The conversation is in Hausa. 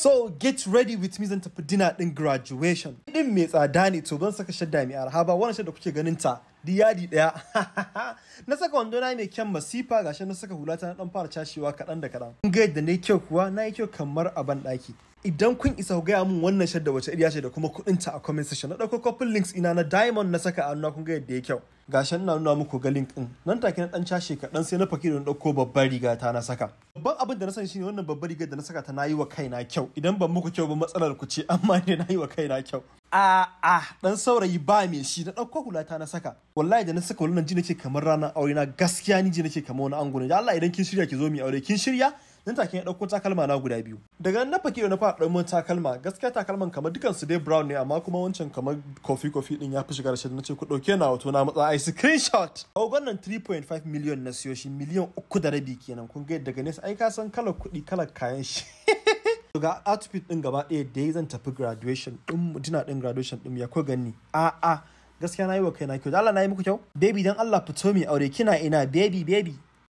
So get ready with me zan tafi dina din graduation. Din mai tsada ne to ban saka shadda mai arha ba wannan shadda kuke ganin ta diyadi daya. na saka wando na mai kyan masifa gashi na saka hula ta na dan fara cashewa kadan da kadan. Kun ga yadda nayi kyau kuwa na yi kyau kamar a ban daki. Idan kun isa ku gaya min wannan shadda wace iriya ce da kuma kuɗin ta a comment section na dauko couple links ina na diamond na saka a nuna kun ga yadda ya kyau. Gashi na nuna muku ga link din. Nan take na dan cashe kadan sai na fakiri na dauko babbar riga ta na saka. babban abin da na shi shine wannan babbar rigar da na saka ta nayi wa kaina kyau idan ban muku kyau ba matsalar ku ce amma ne nayi wa kaina kyau a a dan saurayi ba me shi na dauko hulata na saka wallahi da na saka wannan ji nake kamar ranar aure na gaskiya ni ji nake kamar wani angon ne da Allah idan kin shirya ki zo mu aure kin shirya nan take ya dauko takalma na guda biyu daga na fake na fara dauko takalma gaskiya takalman kamar dukan su dai brown ne amma kuma wancan kamar kofi kofi din ya fi shigar shi na ce ku dauke na wato na matsa cream shot ogon nan 3.5 million na siyo shi miliyan uku da rabi kenan kun ga daga ne ai ka san kalar kuɗi kalar kayan shi ga outfit din gaba ɗaya da zan tafi graduation din mutuna din graduation din ya ko gani a'a gaskiya na yi wa kaina kyau da Allah na yi muku kyau baby dan Allah fito mi aure kina ina baby baby